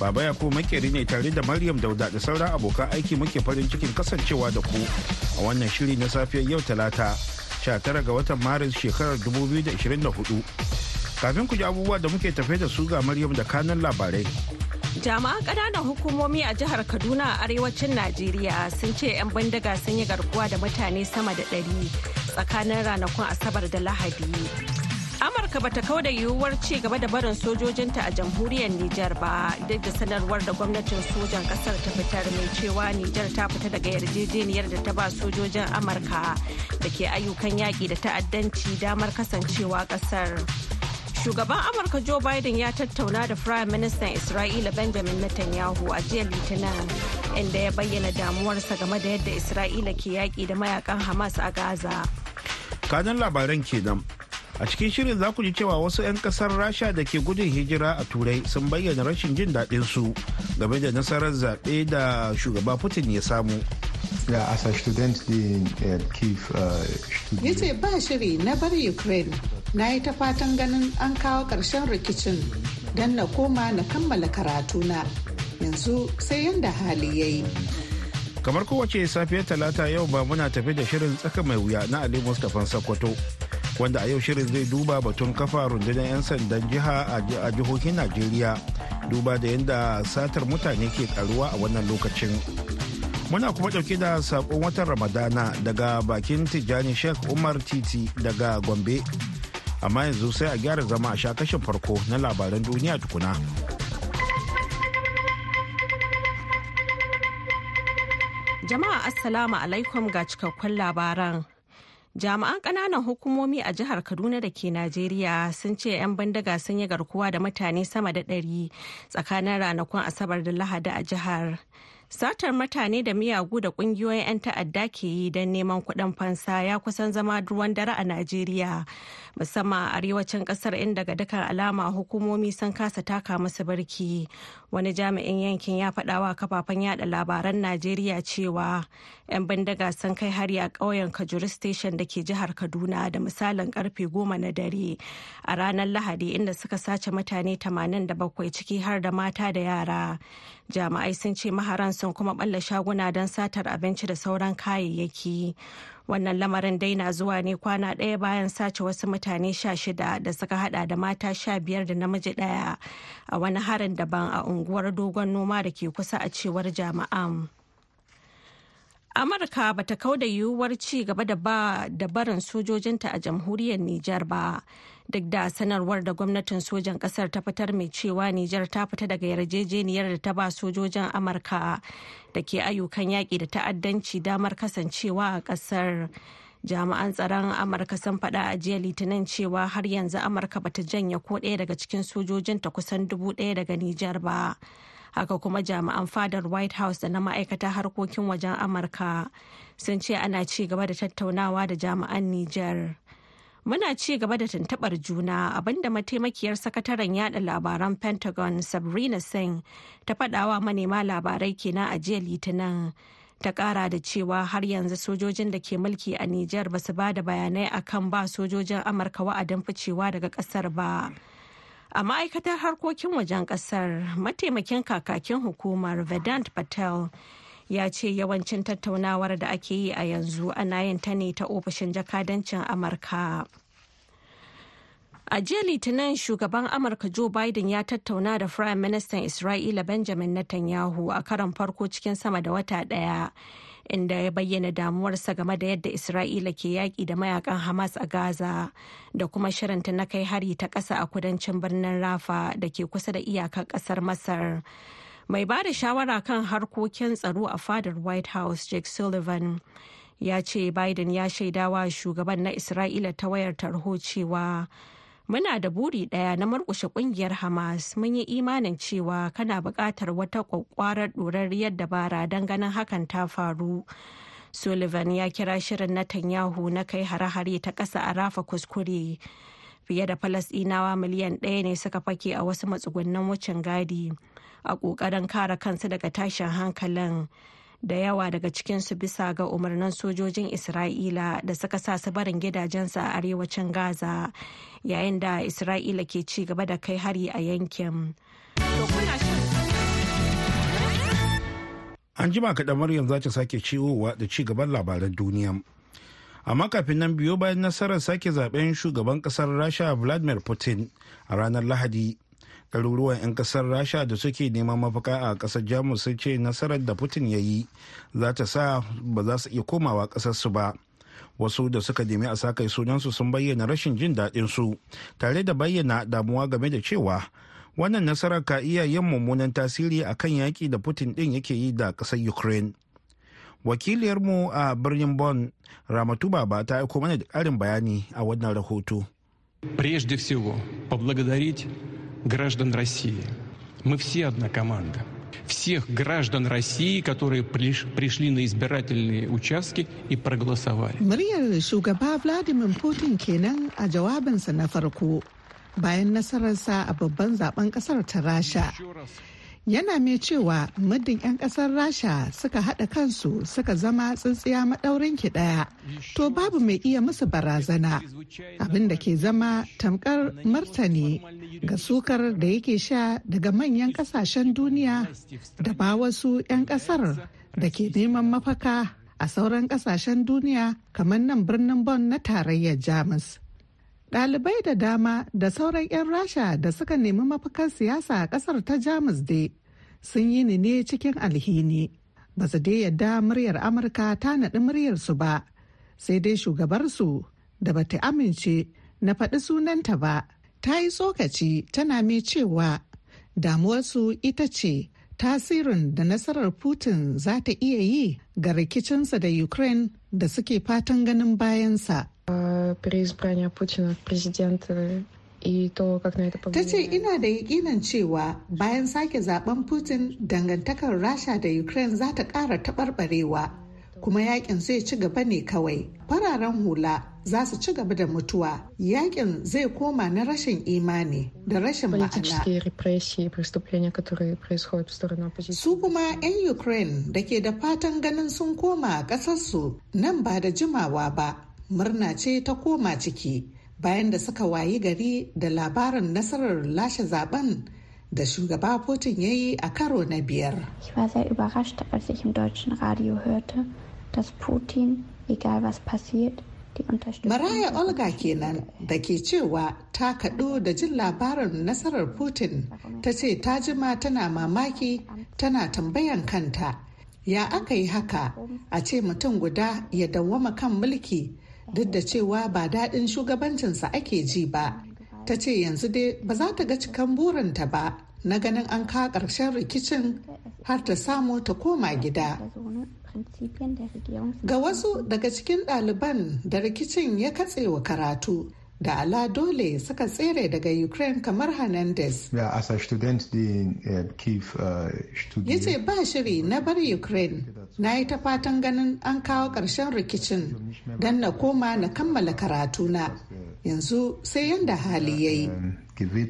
Baba ya koma makeri ne tare da Maryam Dauda da sauran abokan aiki muke farin cikin kasancewa da ku a wannan shiri na safiyar yau Talata 19 ga watan Maris shekarar 2024. Kafin ku ji abubuwa da muke tafe da su ga Maryam da kanan labarai. Jama'a ƙananan hukumomi a jihar Kaduna a arewacin Najeriya sun ce 'yan bindiga sun yi garkuwa da mutane sama da ɗari tsakanin ranakun Asabar da Lahadi. amurka ba ta kauda yiwuwar ci gaba da barin sojojinta a jamhuriyar nijar ba duk da sanarwar da gwamnatin sojan kasar ta fitar mai cewa nijar ta fita daga yarjejeniyar da ta ba sojojin amurka da ke ayyukan yaƙi da ta'addanci damar kasancewa kasar shugaban amurka joe biden ya tattauna da prime minister isra'ila benjamin netanyahu a jiya litinin inda ya bayyana damuwarsa game da yadda isra'ila ke yaƙi da mayakan hamas a gaza kayan labaran kenan a cikin shirin za ku ji cewa wasu 'yan kasar rasha da ke gudun hijira a turai sun bayyana rashin jin daɗin su game da nasarar zaɓe da shugaba putin ya samu ya asa student uh, uh, din kif ba shiri na bar ukraine na yi ta fatan ganin an kawo ƙarshen rikicin don na koma na kammala karatuna yanzu sai yanda hali ya yi kamar kowace safiyar talata yau ba muna tafi da shirin tsaka mai wuya na ali mustapha sakwato wanda a yau shirin zai duba batun kafa rundunar 'yan sandan jiha a jihohin najeriya duba da yadda satar mutane ke karuwa a wannan lokacin muna kuma dauke da sakon watan ramadana daga bakin tijjani sheikh umar titi daga gombe amma yanzu sai a gyara zama a sha kashin farko na labaran duniya tukuna jama'a assalamu alaikum ga cikakkun labaran jami'an ƙananan hukumomi a jihar kaduna da ke najeriya sun ce 'yan bandaga sun yi garkuwa da mutane sama da ɗari tsakanin ranakun asabar da lahadi a jihar satar mutane da miyagu da ƙungiyoyin 'yan ta'adda ke yi don neman kuɗin fansa ya kusan zama ruwan dare a najeriya musamman a arewacin kasar inda ga dukkan alama hukumomi sun kasa taka musu barki wani jami'in yankin ya faɗa wa kafafen yada labaran najeriya cewa 'yan bindiga sun kai hari a ƙauyen kajuri station da ke jihar kaduna da misalin karfe goma na dare a ranar lahadi inda suka sace mutane tamanin da bakwai ciki har da mata da yara jami'ai sun ce maharan sun kuma balla shaguna don satar abinci da sauran kayayyaki wannan lamarin dai na zuwa ne kwana ɗaya bayan sace wasu mutane sha shida da suka hada da mata sha biyar da namiji ɗaya a wani harin daban a unguwar dogon noma da ke kusa a cewar jami'an. amurka ba ta da yiwuwar ci gaba da barin sojojinta a jamhuriyar nijar ba duk da sanarwar da gwamnatin sojan kasar ta fitar mai cewa Nijar ta fita daga yarjejeniyar da ta ba sojojin Amurka da ke ayyukan yaƙi da ta'addanci damar kasancewa a ƙasar. Jami'an tsaron Amurka sun faɗa a jiya Litinin cewa har yanzu Amurka bata janya ko ɗaya daga cikin sojojin ta kusan dubu ɗaya daga Nijar ba. haka kuma jami'an fadar white house da na ma'aikata harkokin wajen amurka sun ce ana ci gaba da tattaunawa da jami'an nijar Muna ci gaba da tuntubar juna abinda mataimakiyar sakataren yada labaran Pentagon Sabrina Singh ta faɗawa manema labarai kenan a jiya Litinin. ta ƙara da cewa har yanzu sojojin da ke mulki a Nijar ba su ba bayanai akan ba sojojin Amurka wa'adin ficewa daga ƙasar ba. A ma'aikatar harkokin wajen ƙasar mataimakin kakakin hukumar Vedant Patel ya ce yawancin tattaunawar da ake yi a yanzu ana yin ta ne ta ofishin jakadancin amurka a jiya litinin shugaban amurka joe biden ya tattauna da firayim ministan isra'ila benjamin netanyahu a karon farko cikin sama da wata daya inda ya bayyana damuwarsa game da yadda isra'ila ke yaƙi da mayakan hamas a gaza da kuma shirinta na kai hari ta ƙasa a kudancin birnin rafa da ke kusa da iyakar ƙasar masar mai ba da shawara kan harkokin tsaro a fadar white house jake sullivan ya ce biden ya shaidawa shugaban na isra'ila ta wayar tarho cewa muna da buri daya na murkushe kungiyar hamas mun yi imanin cewa kana buƙatar wata kwakwarar ɗorarriyar dabara don ganin hakan ta faru sullivan ya kira shirin netanyahu na kai hare-hare ta ƙasa a rafa kuskure fiye da falasɗinawa miliyan ɗaya ne suka fake a wasu matsugunan wucin gadi a ƙoƙarin kare kansu daga tashin hankalin da yawa daga cikinsu bisa ga umarnin sojojin isra'ila da suka sa su barin gidajensu a arewacin gaza yayin da isra'ila ke ci gaba da kai hari a yankin an jima kaɗan maryam za ta sake ciwowa da ci gaban labaran duniya amma kafin nan biyo bayan nasarar sake zaben shugaban ƙasar rasha vladimir putin a ranar lahadi garuruwan 'yan kasar rasha da suke neman mafaka a kasar jamus sun ce nasarar da putin ya yi za ta sa ba za su iya komawa ƙasarsu ba wasu da suka nemi a sakai sunansu sun bayyana rashin jin daɗin su tare da bayyana damuwa game da cewa wannan nasarar ka iya yin mummunan tasiri a kan yaƙi da putin ɗin yake yi da ƙasar ukraine wakiliyarmu a birnin bon ramatu baba ta aiko mana da ƙarin bayani a wannan rahoto прежде всего поблагодарить граждан России. Мы все одна команда. Всех граждан России, которые пришли на избирательные участки и проголосовали. Muryar shugaba yana mai cewa muddin 'yan kasar rasha suka haɗa kansu suka zama tsintsiya maɗaurin ki ɗaya to babu mai iya musu barazana abin da ke zama tamkar martani ga sukar da yake sha daga manyan ƙasashen duniya da ba wasu 'yan ƙasar da ke neman mafaka a sauran ƙasashen duniya kamar nan birnin bon na tarayyar jamus Ɗalibai da dama da sauran 'yan Rasha da suka nemi mafakan siyasa a ƙasar ta Jamus de sun yi ni ne cikin alhini. Ba su dai yadda muryar Amurka ta naɗi muryarsu ba, sai dai shugabarsu da bata amince na faɗi sunanta ba. Ta yi tsokaci tana mai cewa damuwarsu ita ce tasirin da nasarar Putin za ta iya yi ga rikicinsa da Ukraine da suke fatan ganin bayansa. переизбрания Ta ce ina da yakinin cewa bayan sake zaben Putin dangantakar Rasha da Ukraine za ta ƙara taɓarɓarewa kuma yakin zai ci gaba ne kawai. Fararen hula za su ci gaba da mutuwa. Yakin zai koma na rashin imani da rashin ma'ana. Su kuma 'yan Ukraine da ke da fatan ganin sun koma ƙasarsu nan ba da jimawa ba. murna ce ta koma ciki bayan da suka wayi gari da labarin nasarar lashe zaben da shugaba Putin ya yi a karo na biyar. Maraya Olga kenan da ke cewa ta kaɗo da jin labarin nasarar Putin ta ce ta jima tana mamaki tana tambayan kanta ya aka yi haka a ce mutum guda ya dawwama kan mulki duk da cewa ba daɗin shugabancinsa ake ji ba ta ce yanzu dai ba za ta ga cikan burinta ba na ganin an ka ƙarshen rikicin har ta samu ta koma gida ga wasu daga cikin ɗaliban da rikicin ya katsewa karatu da ala dole suka tsere daga ukraine kamar hernandez uh, uh, ya ce ba shiri na bar ukraine na yi ta fatan ganin an kawo ƙarshen rikicin don na koma na kammala karatuna yanzu sai yadda hali ya yi um, uh,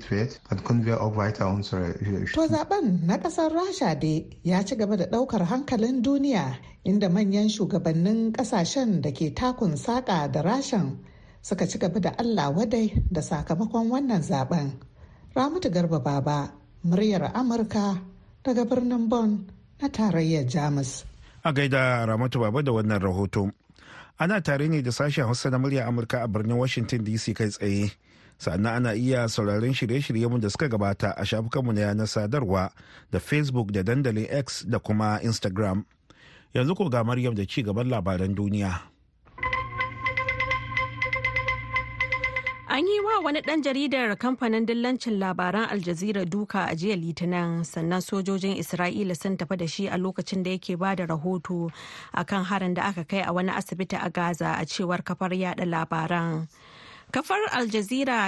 To zaben na kasar Rasha dai ya ci gaba da daukar hankalin duniya inda manyan shugabannin kasashen da ke takun saƙa da rashan suka ci gaba da Allah wadai da sakamakon wannan zaben. Ramatu Garba Baba, muryar Amurka daga birnin Bonn na tarayyar Jamus. A gaida Ramatu Baba da wannan rahoto. Ana tare ne da sashen Hausa na muryar Amurka a birnin Washington DC kai tsaye. sannan ana iya sauraron shirye-shiryenmu da suka gabata a shafukanmu na yanar sadarwa da facebook da dandalin x da kuma instagram yanzu ko ga maryam da ci gaban labaran duniya An yi wa wani ɗan jaridar kamfanin dillancin labaran Aljazira duka a jiya Litinin sannan sojojin Isra'ila sun tafi da shi a lokacin da yake ba da rahoto akan harin da aka kai a wani asibiti a Gaza a cewar kafar yada labaran. Kafar Al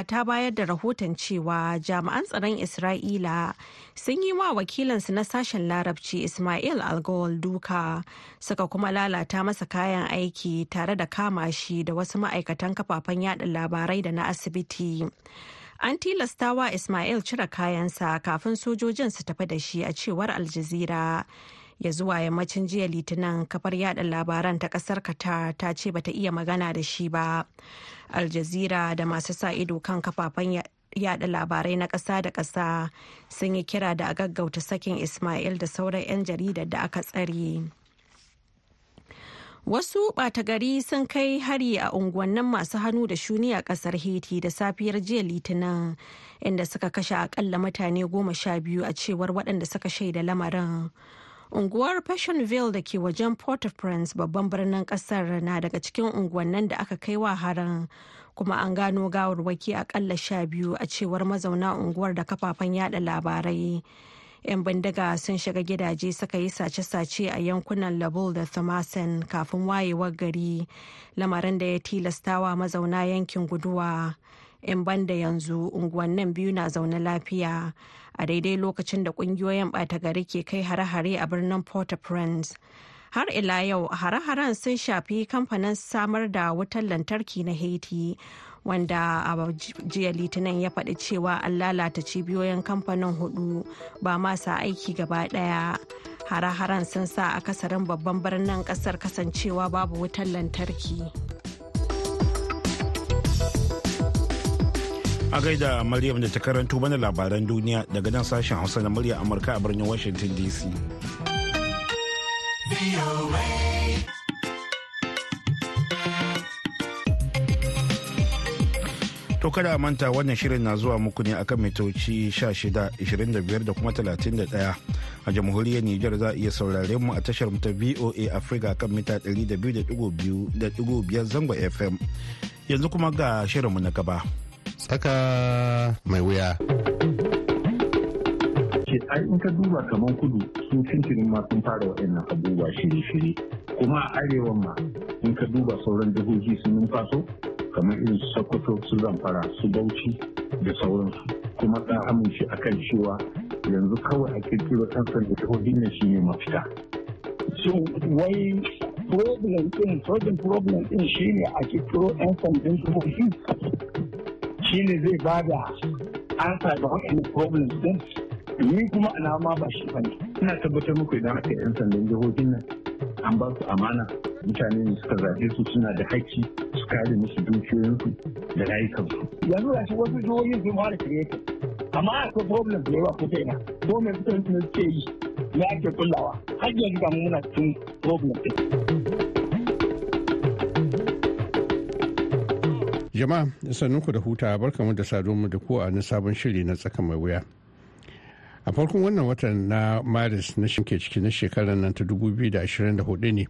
ta bayar da rahoton cewa jami'an tsaron Isra'ila sun yi wa wakilansu na sashen larabci Ismail Algol duka suka kuma lalata masa kayan aiki tare da kama shi da wasu ma'aikatan kafafen yada labarai da na asibiti. An tilastawa Ismail cire kayansa kafin sojojin su tafi da shi a cewar Al ya zuwa yammacin jiya litinin kafar yada labaran ta kasar kata ta ce bata iya magana da shi ba al jazeera da masu sa ido kan kafafen yada labarai na kasa da kasa sun yi kira da a gaggauta sakin ismail da sauran 'yan jaridar da aka tsare wasu ɓata gari sun kai hari a unguwannin masu hannu da shuni a ƙasar haiti da safiyar jiya litinin inda suka kashe akalla mutane goma sha biyu a cewar waɗanda suka shaida lamarin Unguwar Fashionville da ke wajen Port-au-Prince babban birnin kasar na daga cikin unguwannin da aka kai wa harin kuma an gano gawarwaki akalla sha biyu a cewar mazauna unguwar da kafafen yada labarai. 'Yan bindiga sun shiga gidaje suka yi sace-sace a yankunan Labul da Thomason kafin wayewar gari, lamarin da ya tilastawa mazauna yankin guduwa. ban banda yanzu unguwannin biyu na zaune lafiya a daidai lokacin da kungiyoyin bata gari ke kai hare-hare a birnin port-au-prince har ila yau hare-haren sun shafi kamfanin samar da wutar lantarki na haiti wanda a jiya litinin ya faɗi cewa an lalata cibiyoyin kamfanin hudu ba masa aiki gaba daya hare-haren sun sa akasarin babban birnin ƙasar kasancewa babu wutar lantarki a gaida maryam da ta karanto mana labaran duniya daga nan sashen hausa na murya amurka a birnin washington dc To kada manta wannan shirin na zuwa muku ne akan mitoci 16, 25 da kuma 31 a jamhuriyar Nijar za a iya saurare mu a tashar ta VOA Africa kan mita 200.5 zango FM. Yanzu kuma ga shirinmu na gaba. Saka mai wuya. ce ai in ka duba kamar kudu sun tuntunin ma sun fara waɗannan abubuwa shiri shirye kuma a arewa ma in ka duba sauran jihohi sun numfaso kamar irin su sokoto su zamfara su bauchi da sauransu kuma ka amince a kan cewa yanzu kawai a kirkiro ɗan sanda jihohi ne shi ne mafita. so wai problem ɗin problem problem ɗin shine a kirkiro ɗan sandan jihohi shi ne zai ba da ansa ga wa'in problems din ni kuma alama ba shi ba Ina tabbatar muku idan aka yan sandan jihohin nan an ba su amana mutane ne suka zaɓe su suna da haƙƙi su kare musu dukiyoyinsu da rayukansu. Yanzu ga shi wasu jihohin sun fara kireta amma akwai problems da yawa ko ta ina ko mai fitar suke yi me ake kullawa har yanzu ga muna cikin problem ɗin. Jama'a sannunku da huta barkamu da mu da ku a nan sabon shiri na tsaka mai wuya. A farkon wannan watan na Maris na shinke ciki na shekarar nan ta 2024 ne.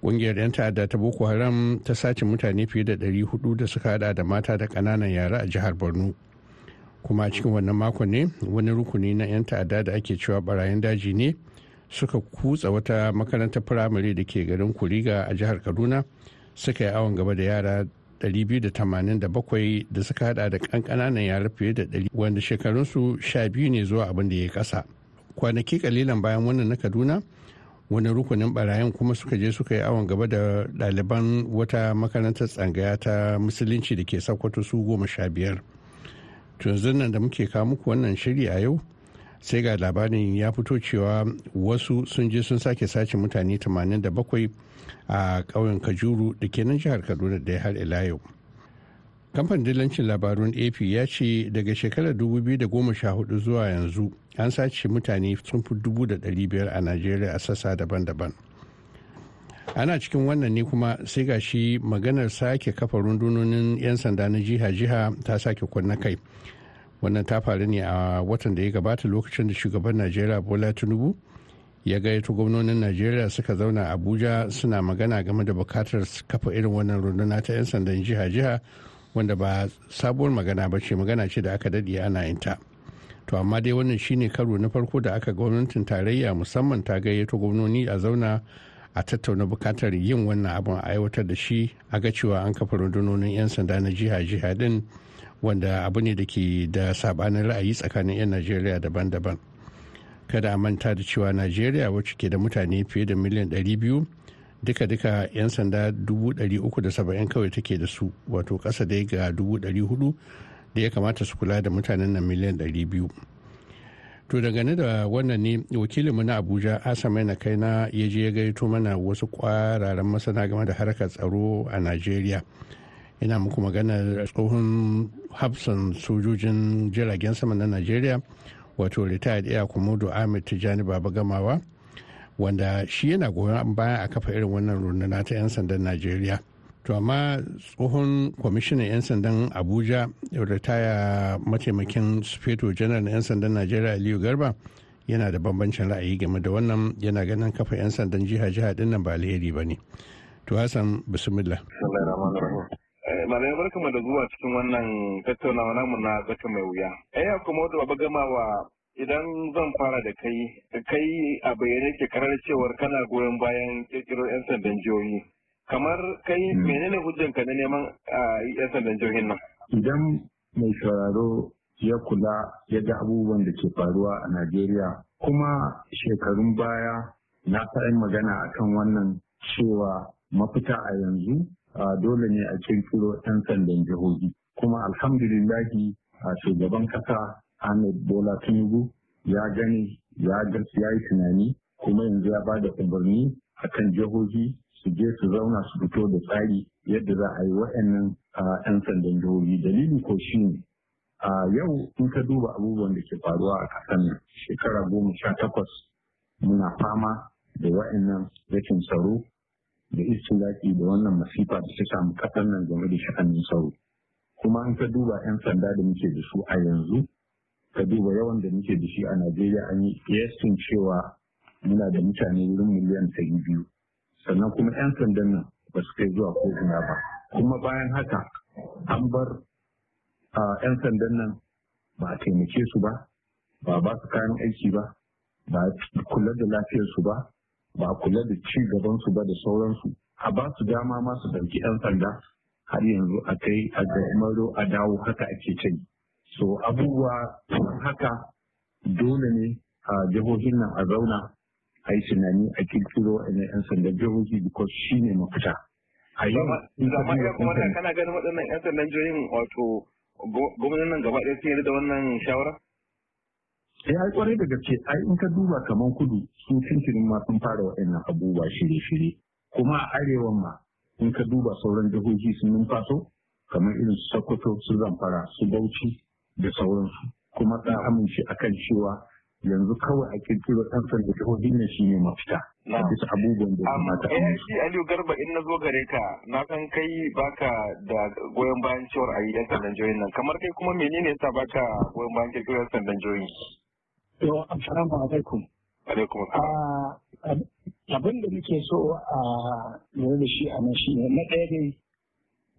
kungiyar 'yan ta'adda ta Boko Haram ta sace mutane fiye da 400 da suka hada da mata da kananan yara a jihar Borno. Kuma a cikin wannan makon ne wani rukuni na 'yan ta'adda da ake cewa barayin daji ne suka kutsa wata makarantar firamare da ke garin Kuriga a jihar Kaduna. suka yi awon gaba da yara 287 da suka hada da kankananan yara fiye da 100 wanda shekarunsu 12 ne zuwa abin da ya kasa kwanaki kalilan bayan wannan na kaduna wani rukunin barayin kuma suka je suka yi awon gaba da ɗaliban wata makarantar tsangaya ta musulunci da ke sakwato su goma sha biyar tunzun nan da muke kawo muku wannan shiri a yau sai ga labarin ya fito cewa wasu sun je sun sake sace mutane 87 a ƙauyen kajuru da ke nan jihar kaduna da ya har ila yau kamfanin dillancin labarun ap ya ce daga shekarar 2014 zuwa yanzu an sace mutane sun fi biyar a najeriya a sassa daban-daban ana cikin wannan ne kuma sai ga shi maganar sake kafa rundunonin 'yan sanda na jiha-jiha ta sake kunna kai wannan ta faru ne a watan da ya gabata lokacin da shugaban najeriya bola tinubu ya gayyato gwamnonin najeriya suka zauna abuja suna magana game da bukatar kafa irin wannan runduna ta 'yan sandan jiha-jiha wanda ba sabuwar magana ba ce magana ce da aka daɗe ana yin ta to amma dai wannan shine karo na farko da aka gwamnatin tarayya musamman ta gayyato gwamnoni a zauna a tattauna bukatar yin wannan abin a aiwatar da shi a ga cewa an kafa rundunonin 'yan sanda na jiha-jiha din wanda abu ne da ke da sabanin ra'ayi tsakanin 'yan najeriya daban-daban kada a manta da cewa najeriya wacce ke da mutane fiye da miliyan 200 duka-duka 'yan sanda 370 kawai take da su wato kasa dai ga 400 da ya kamata su kula da mutanen nan miliyan 200 to dangane da wannan ne wakilinmu na abuja asama na kaina ya je ya gaito mana wasu kwararan masana game da harkar tsaro a najeriya ina muku magana tsohon hafsan sojojin jiragen sama na nigeria wato retired air komodo ahmed tijjani baba gamawa wanda shi yana goyon bayan a kafa irin wannan runduna ta 'yan sandan nigeria to amma tsohon kwamishinan 'yan sandan abuja ritaya mataimakin sufeto janar 'yan sandan nigeria aliyu garba yana da bambancin ra'ayi game da wannan yana ganin kafa 'yan sandan jiha-jiha dinnan ba alheri ba ne to hassan bismillah bar kuma da zuwa cikin wannan tattaunawa Na namu na zaka mai wuya. Ɗaya eh, kuma wadda ba gama idan zan fara da kai, kai a bayyane ke karar cewar kana goyon bayan kirkiro 'yan sandan jihohi. Kamar kai hmm. menene ka na neman 'yan sandan jihohin nan? Idan mai sauraro ya kula yadda abubuwan da ke faruwa a Najeriya kuma shekarun baya na ta magana akan wannan cewa mafita a yanzu dole ne a kirkiro 'yan sandan jihohi kuma alhamdulillahi a shugaban kasa ahmed bola tinubu ya gani ya ya yi tunani kuma yanzu ya bada umarni a kan jihohi su je su zauna su fito da tsari yadda za a yi wa'annan 'yan sandan jihohi dalili ko shi ne a yau in ka duba abubuwan da ke faruwa a kasan shekara goma sha takwas muna fama da wa'annan rikin tsaro da istilaki da wannan masifa da ta samu kasar nan game da sha'anin sauro kuma an ka duba 'yan sanda da muke da su a yanzu ka duba yawan da muke da shi a najeriya an yi kiyasin cewa muna da mutane wurin miliyan ɗari biyu sannan kuma 'yan sandan nan ba su kai zuwa ko ina ba kuma bayan haka an bar 'yan sandan nan ba a taimake su ba ba ba su kayan aiki ba ba kula da lafiyarsu ba ba kula da ci gabansu ba da sauransu a ba su dama ma su ɗauki 'yan sanda har yanzu a kai a gamaro a dawo haka ake can so abubuwa haka dole ne a jihohin nan a zauna a yi tunani a kirkiro a yan sandan jihohi because shi ne mafita a yi da kana ganin waɗannan yan sandan jihohin wato gwamnatin nan gaba ɗaya sun yarda da wannan shawara ya yi kwarai da gaske ai in ka duba kamar kudu su tuntunin ma sun fara waɗannan abubuwa shiri-shiri kuma a arewan ma in ka duba sauran jihohi sun numfaso kamar irin su sokoto su zamfara su bauchi da sauransu kuma ta amince akan cewa yanzu kawai a kirkiro ɗan sanda jihohi ne shi ne mafita a bisa abubuwan da ya mata a eh, shi aliyu garba in na zo gare ka na san kai baka da goyon bayan cewar a yi ɗan sandan jihohin nan kamar kai kuma menene sa baka goyon bayan kirkiro ɗan sandan jihohin Yau, assalamu alaikum. Alaikum ah, Abin da muke so ah, a yau da shi a nan shi ne na ɗaya dai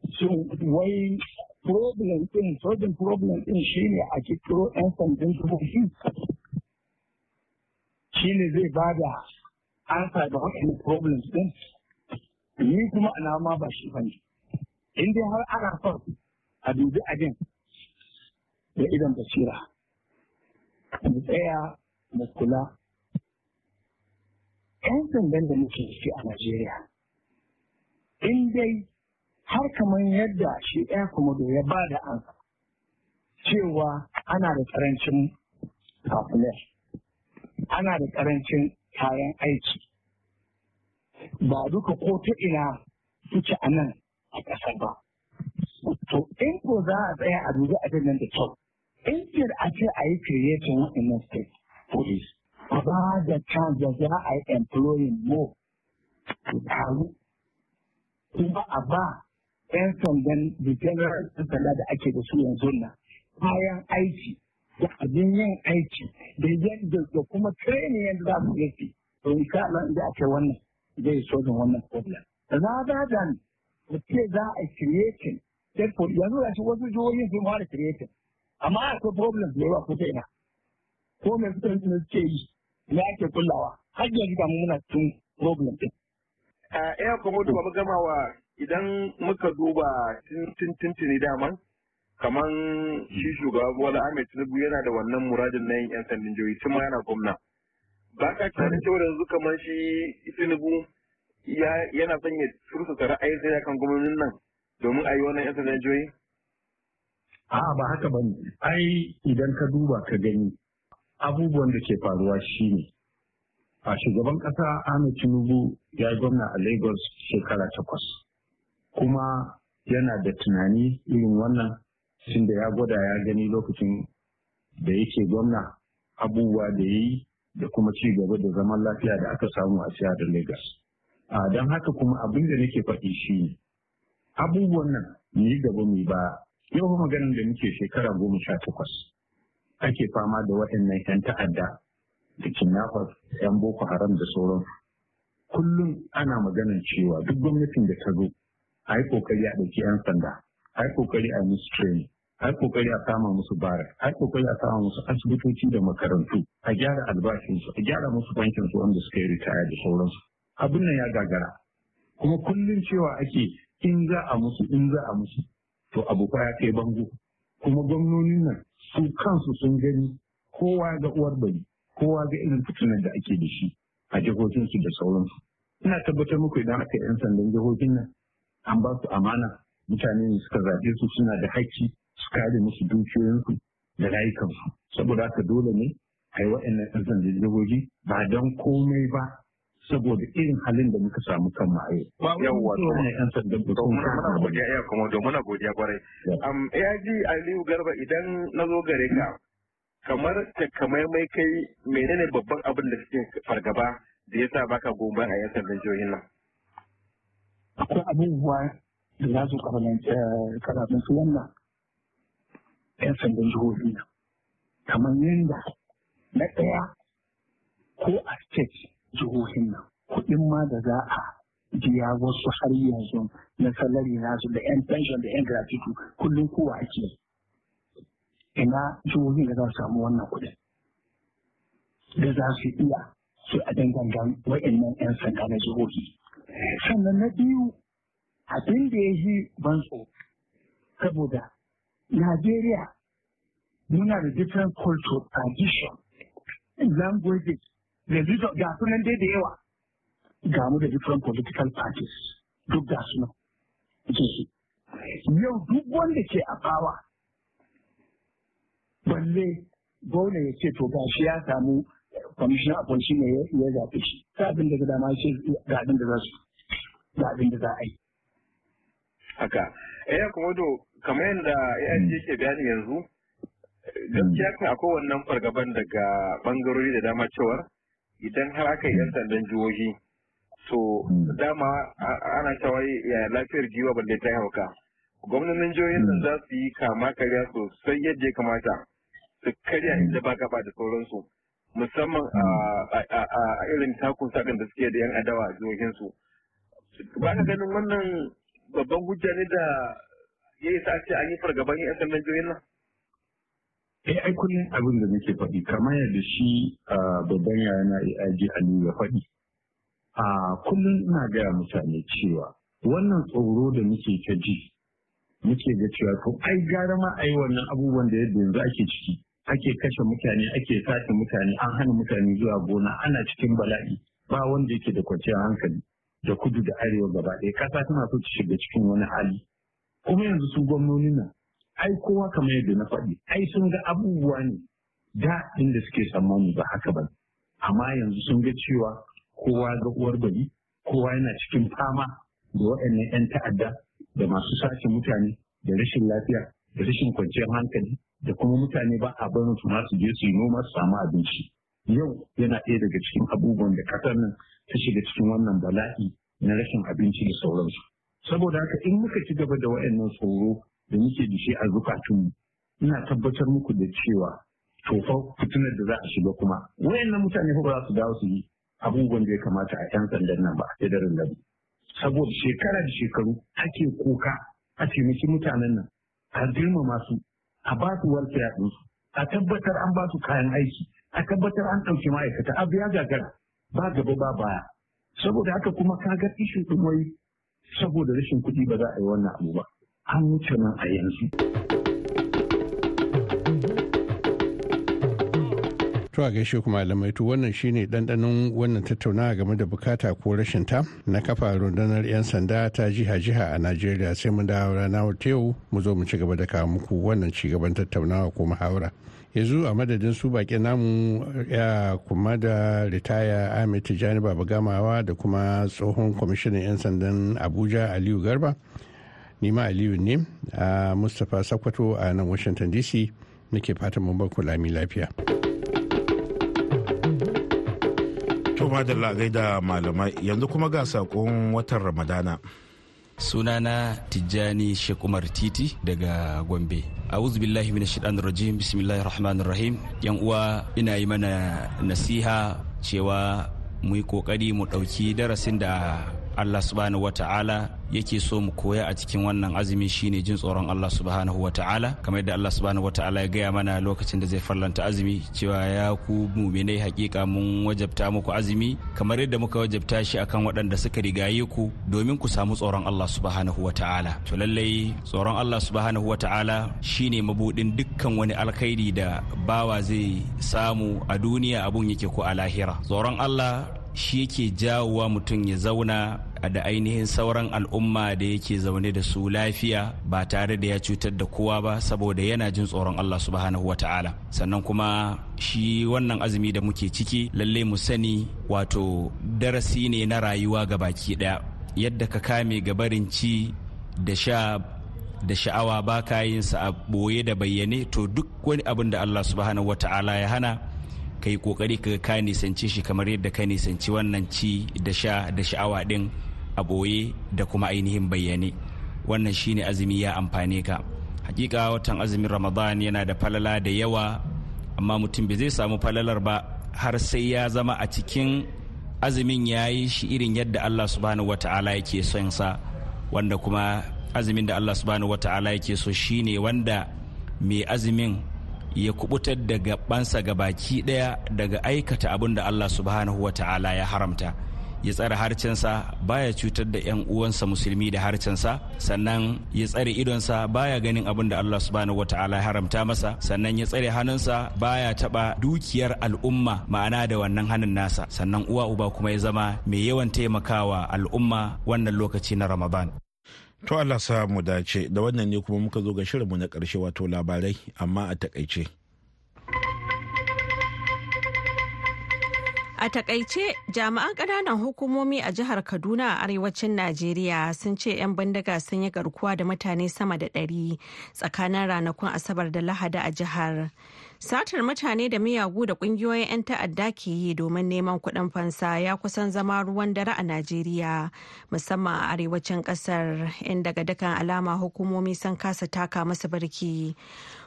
shin wai problem ɗin, sojin problem ɗin shi ne a kiro ɗan sandan sojoji shi ne zai ba da ansa da waɗannan problems ɗin. Ni kuma ana ma ba shi ba ne. har ana son a dubi ajin da idan basira. mu tsaya mu kula yan sandan da muke ciki a Najeriya in dai har kamar yadda shi ɗaya komodo ya ba da an cewa ana da karancin kafular ana da ƙarancin kayan aiki ba duka ko ta ina suke a nan a ƙasar ba to in ko za a tsaya a dubi abin nan da kyau instead a ce a yi creating waɗannan state police a ba da chance da za a yi employing more su taru kuma a ba 'yan sandan da general sanda da ake da su yanzu na kayan aiki da abin yin aiki da yadda da kuma training yadda za su yi to in sha Allah inda ake wannan zai da wannan problem rather than da ce za a creating therefore yanzu da shi wasu jihohin sun fara creating amma akwai problem da yawa kusa ina ko mai fitar da suke yi me ake kullawa har yanzu da muna cikin problem din a iya kuma duba mu gama wa idan muka duba tintintini daman kamar shi shugaba Bola Ahmed Tinubu yana da wannan muradin na yin 'yan sandan jihohi tun ma yana gwamna. Ba ka tare cewa yanzu kamar shi Tinubu yana son ya furta ra'ayi sai kan gwamnatin nan domin a yi wannan 'yan sandan jihohi? A'a ba haka ba Ai idan ka duba ka gani abubuwan da ke faruwa shi ne a shugaban ƙasa Ahmed Tinubu ya gwamna a Lagos shekara takwas. Kuma yana da tunani irin wannan tun da ya gwada ya gani lokacin da yake gwamna abubuwa da ya yi da kuma ci gaba da zaman lafiya da aka samu a siya da Lagos. A don haka kuma abin da nake faɗi shi abubuwan nan mu gaba mai ba yau maganin da muke shekara goma sha takwas ake fama da waɗannan 'yan ta'adda da kidnappers 'yan boko haram da sauran kullum ana maganar cewa duk gwamnatin da ta zo a yi kokari a ɗauki 'yan sanda a yi kokari a musu training a yi kokari a kama musu bara a yi kokari a kama musu asibitoci da makarantu a gyara albashinsu a gyara musu bankin su wanda suka yi ritaya da sauransu abin nan ya gagara kuma kullum cewa ake in za a musu in za a musu to abu ya kai bango kuma gwamnonin nan su kansu sun gani kowa ga uwar bari kowa ga irin fitinar da ake da shi a jihohinsu da sauransu ina tabbatar muku idan aka yan sandan jihohin nan an ba su amana mutane ne suka zaɓe su suna da haƙƙi su kare musu dukiyoyinsu da rayukansu saboda haka dole ne a yi waɗannan yan sandan jihohi ba don komai ba saboda irin halin da muka samu kan ma yau. Yawwa to yan sandan da kuma muna godiya ya kuma to muna godiya kwarai. Am AIG Aliyu Garba idan na zo gare ka kamar takamaimai kai menene babban abin da suke fargaba da yasa baka goma a yan sandan jihohin nan. Akwai abubuwa da za su karafin eh, su wannan yan sandan jihohin nan. Kamar yadda na ɗaya ko a state jihohin nan kuɗin ma da za a biya wasu har yanzu na salari nasu da yan pension da yan gratitude kullum kowa ake ina jihohin da za su samu wannan kuɗin da za su iya su a dangangan wa'annan yan sanda na jihohi sannan na biyu abin da ya yi ban saboda Najeriya muna da different culture tradition languages yanzu ga sunan dai da yawa ga mu da different political parties duk su nan. yau duk wanda ke a bawa balle gona ya ce to ga shi ya samu kwamishin eh, abinci ne ya zaɓe shi ta abin da dama shi ga abin da za su ga abin da za a yi haka eh kuma do kamar yadda ya ke bayani yanzu eh, gaskiya kan akwai wannan fargaban daga bangarori da dama cewar idan har aka yi 'yan sandan jihohi to hmm. dama ana cewa ya lafiyar jiwa dai ta hauka gwamnatin jihohin nan hmm. za su yi kama karya sosai yadda ya kamata su karya hmm. inda ba gaba da sauransu musamman a irin takun sakan da suke da yan adawa a su ba ka ganin wannan babban hujja ne da ya yi sa ce an yi fargaban yan sandan jihohin nan eh ai kullum abin da nake faɗi kamar yadda shi babban yana AIG a ya faɗi a kullum ina gaya mutane cewa wannan tsoro da muke ta ji muke ga cewa ko ai gara ma ai wannan abubuwan da yadda yanzu ake ciki ake kashe mutane ake sace mutane an hana mutane zuwa gona ana cikin bala'i ba wanda yake da kwanciyar hankali da kudu da arewa gaba ɗaya ƙasa tana so ta shiga cikin wani hali kuma yanzu su gwamnoni na ai kowa kamar yadda na faɗi ai sun ga abubuwa ne da inda suke tsammanin ba haka ba amma yanzu sun ga cewa kowa ga uwar bari kowa yana cikin fama da waɗannan 'yan ta'adda da masu sace mutane da rashin lafiya da rashin kwanciyar hankali da kuma mutane ba a barin su masu je su yi noma su samu abinci yau yana ɗaya daga cikin abubuwan da ƙasar nan ta shiga cikin wannan bala'i na rashin abinci da sauransu saboda haka in muka ci gaba da waɗannan tsoro da muke da shi a zukatunmu ina tabbatar muku da cewa tofa fitinar da za a shiga kuma wayannan mutane ba za su dawo su yi abubuwan da ya kamata a yan sandan nan ba a da rindabi saboda shekara da shekaru ake kuka a taimaki mutanen nan a girmama su a ba su warkiya ɗinsu a tabbatar an ba su kayan aiki a tabbatar an ɗauki ma'aikata a biya gagara ba gaba ba baya saboda haka kuma kagar ishin ɗin saboda rashin kuɗi ba za a yi wannan abu ba an wuce más a yanzu. To a gaishe kuma to wannan shine ɗanɗanon wannan tattaunawa game da bukata ko rashin ta na kafa rundunar 'yan sanda ta jiha-jiha a Najeriya sai mu dawo rana yau mu zo mu ci gaba da kawo muku wannan ci gaban tattaunawa ko muhawara. yanzu a madadin su bakin namu ya kuma da ritaya ahmed tijjani baba gamawa da kuma tsohon kwamishinan 'yan sandan abuja aliyu garba Ni ma aliyu ne a mustapha sakwato a nan washington dc nake fatan mun bar lami lafiya to madalla da malamai yanzu kuma ga sakon watan ramadana sunana tijjani shekumar titi daga gombe a'udhu billahi minash shaitanir rajim bismillahir rahmanir rahim yan uwa ina yi mana nasiha cewa muyi yi kokari mu ɗauki darasin da Allah subhanahu ta'ala yake so mu koya a cikin wannan azumi shine jin tsoron Allah subhanahu ta'ala kamar yadda Allah subhanahu ta'ala ya gaya mana lokacin da zai farlanta azumi cewa ya ku muminai hakika mun wajabta muku azumi kamar yadda muka wajabta shi akan waɗanda suka rigaye ku domin ku samu tsoron Allah subhanahu ta'ala to lallai tsoron Allah subhanahu ta'ala shine mabudin dukkan wani alkhairi da bawa zai samu a duniya abun yake ko a lahira tsoron Allah shi yake jawowa mutum ya zauna da ainihin sauran al'umma da yake zaune da su lafiya ba tare da ya cutar da kowa ba saboda yana jin tsoron Allah subhanahu ta'ala sannan kuma shi wannan azumi da muke ciki lalle mu sani wato darasi ne na rayuwa ga baki daya yadda ka kame gabarin ci da sha da sha'awa ba kayinsa a boye da bayyane to duk wani abin da Allah subhanahu ta'ala ya hana ka yi kokari ka ka nisanci shi kamar yadda ka nisanci wannan ci da sha da sha'awa din a boye da kuma ainihin bayyane wannan shine azumi ya amfane ka hakika watan azumin ramadan yana da falala da yawa amma mutum bai zai samu falalar ba har sai ya zama a cikin azumin ya yi shi irin yadda allah subhanahu wata'ala yake son sa wanda kuma azumin da allah subhanahu wata'ala yake so shine wanda mai azumin ya kubutar da gabansa baki daya daga aikata abin da Allah subhanahu wa ta'ala ya haramta ya tsare harcensa baya cutar da 'yan uwansa musulmi da harcensa sannan ya tsare idonsa baya ganin abin da Allah subhanahu wa ta'ala ya haramta masa sannan ya tsare hannunsa baya taba dukiyar al'umma ma'ana da wannan hannun nasa sannan uwa uba kuma ya zama mai yawan taimakawa al'umma wannan lokaci na Ramadan To Allah sa mu dace da wannan ne kuma muka zo ga shirinmu na ƙarshe wato labarai amma a takaice. A takaice jami'an ƙananan hukumomi a jihar Kaduna a arewacin Najeriya sun ce 'yan bindiga sun yi garkuwa da mutane sama da ɗari tsakanin ranakun Asabar da Lahada a jihar. Satar mutane da miyagu da kungiyoyin 'yan ta'adda ke yi domin neman kuɗin fansa ya kusan zama ruwan dare a Najeriya musamman a arewacin ƙasar inda daga dukkan alama hukumomi sun kasa taka masu barki.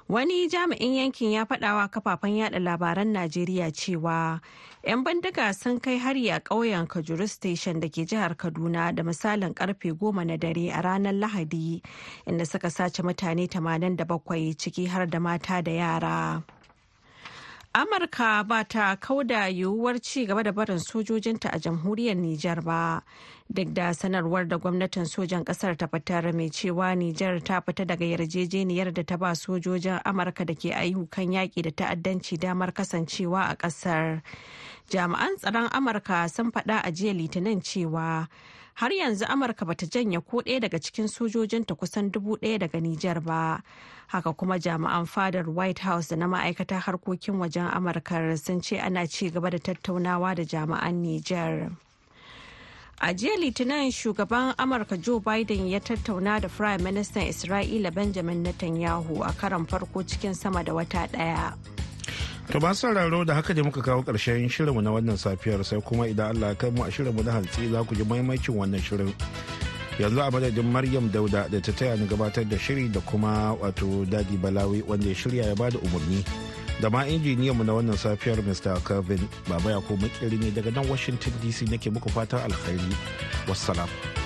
Wani jami'in yankin ya faɗawa kafafen yada labaran Najeriya cewa 'yan bindiga sun kai hari a ƙauyen Kajuru Station da ke jihar Kaduna da misalin karfe goma na dare a ranar Lahadi inda suka sace mutane 87 ciki har da mata da yara. Amurka ba ta kauda yiwuwar ci gaba da barin sojojinta a jamhuriyar Nijar ba. Duk da sanarwar da gwamnatin sojan kasar ta fitar mai cewa Nijar ta fita daga yarjejeniyar da ta ba sojojin Amurka da ke ayyukan yaƙi da ta'addanci damar kasancewa a ƙasar. Jami'an tsaron Amurka sun faɗa a jiya Litinin cewa har yanzu amurka bata janye ko ɗaya daga cikin sojojinta kusan dubu ɗaya daga nijar ba haka kuma jami'an fadar white house da na ma'aikata harkokin wajen amurka sun ce ana ci gaba da tattaunawa da jami'an nijar a jiya litinin shugaban amurka joe biden ya tattauna da prime minister isra'ila benjamin netanyahu a karan farko cikin sama da wata ɗaya. To ba sauraro da haka ne muka kawo ƙarshen shirinmu na wannan safiyar sai kuma idan Allah ya mu a shirinmu na hantsi za ku ji maimacin wannan shirin. Yanzu a madadin Maryam Dauda da ta taya ni gabatar da shiri da kuma wato Dadi Balawi wanda ya shirya ya bada umarni. Da ma injiniyanmu na wannan safiyar Mr. Kevin Baba Yakubu Makiri ne daga nan Washington DC nake muku fatan alkhairi. Wassalam.